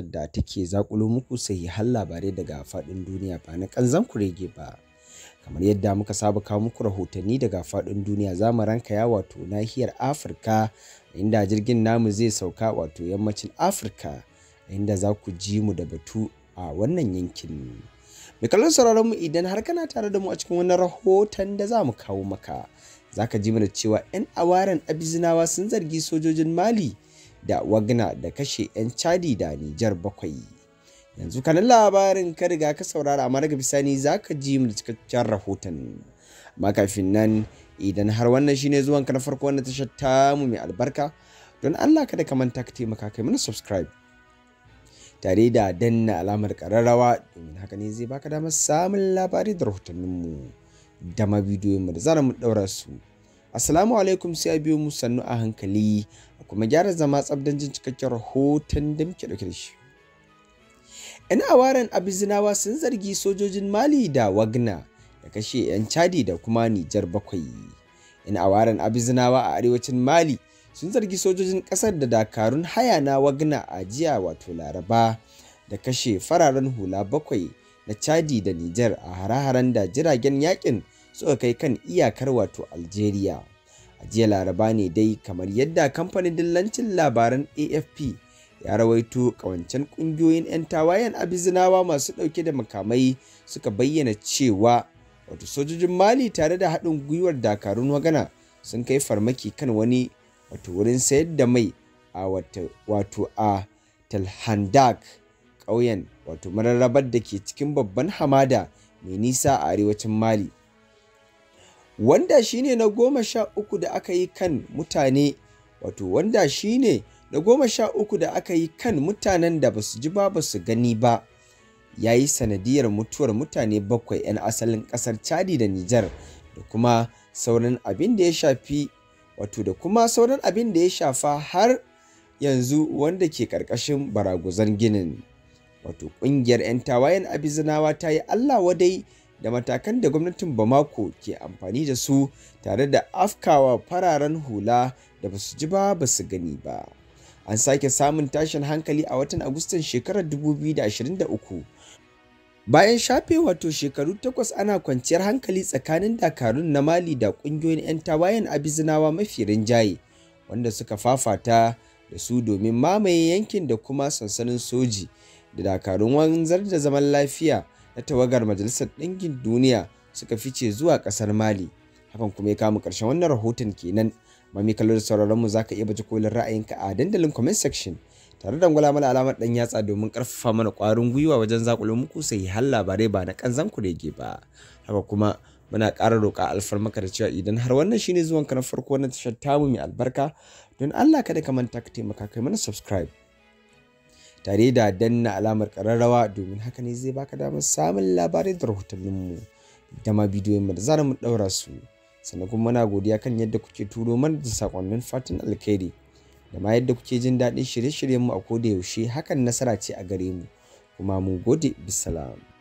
tashar da take zakulo muku har labarai daga faɗin duniya ba na kanzan kurege ba. Kamar yadda muka saba kawo muku rahotanni daga faɗin duniya za mu ranka ya wato nahiyar Afirka inda jirgin namu zai sauka wato yammacin Afirka inda za ku ji mu da batu a wannan yankin. Mai kallon sauraron mu idan har kana tare da mu a cikin wannan rahoton da za mu kawo maka. zaka ka ji da cewa 'yan awaren abizinawa sun zargi sojojin Mali da wagna da kashe 'yan chadi da nijar bakwai yanzu kanin labarin ka riga ka saurara amma daga bisani za ka ji mu da cikakken rahoton makafin nan idan har wannan shine zuwan ka na farko wannan tashar tamu mai albarka don allah kada ka manta ka taimaka kai mana subscribe tare da danna alamar kararrawa domin haka ne zai baka damar samun labari da rahotanninmu da ma bidiyoyinmu da zara mu daura su assalamu alaikum sai a biyo mu sannu a hankali kuma gyara zama tsabdan jin cikakken rahoton da muke dauke da shi. 'Yan awaren abizinawa sun zargi sojojin Mali da Wagner da kashe 'yan Chadi da kuma Nijar bakwai. 'Yan awaren abizinawa a arewacin Mali sun zargi sojojin ƙasar da dakarun haya na Wagner a jiya wato Laraba da kashe fararen hula bakwai na Chadi da Nijar a hare-haren da jiragen yakin suka kai kan iyakar wato Algeria. jiya laraba ne dai kamar yadda kamfanin dillancin labaran afp ya rawaito kawancen kungiyoyin 'yan tawayen abizinawa masu ɗauke da makamai suka bayyana cewa wato sojojin mali tare da haɗin gwiwar dakarun wagana sun kai farmaki kan wani wato wurin sayar da mai a wato a talhandak ƙauyen wato mararrabar da ke cikin babban hamada mai nisa a arewacin mali wanda shine na goma sha uku da aka yi kan mutane wato wanda shine na goma sha uku da aka yi kan mutanen da basu ji ba basu gani ba ya yi sanadiyar mutuwar mutane bakwai 'yan asalin ƙasar chadi da nijar da kuma sauran abin da ya shafi wato da kuma sauran abin da ya shafa har yanzu wanda ke ƙarƙashin baraguzan ginin wato ƙungiyar 'yan tawayen abizinawa ta yi allah wadai da matakan da gwamnatin Bamako ke amfani da su tare da afkawa fararen hula da ba su ji ba ba su gani ba. An sake samun tashin hankali a watan Agustan shekarar 2023 bayan shafe wato shekaru takwas ana kwanciyar hankali tsakanin dakarun na Mali da kungiyoyin 'yan tawayen abizinawa mafi rinjaye wanda suka fafata da su domin mamaye yankin da kuma sansanin soji da dakarun wanzar da zaman lafiya na tawagar Majalisar ɗingin Duniya suka fice zuwa ƙasar Mali. Hakan kuma ya kama ƙarshen wannan rahoton kenan. Mami da sauraron mu zaka iya baje kolin ra'ayinka a dandalin comment section tare da gwala mana alamar dan yatsa domin karfafa mana ƙwarin gwiwa wajen zakulo muku sai har labarai ba na kanzan ku rege ba. Haka kuma muna ƙara roƙa alfarmaka da cewa idan har wannan shine ka na farko na tashar tamu mai albarka don Allah kada ka manta ka taimaka kai mana subscribe. tare da danna alamar kararrawa domin haka ne zai baka damar samun labarai da rahotanninmu da ma bidiyon mu da zara mu daura su sannan kuma muna godiya kan yadda kuke turo mana da sakonnin fatan alkhairi da ma yadda kuke jin daɗin shirye-shiryenmu a koda yaushe hakan nasara ce a gare mu kuma mu gode bisalamu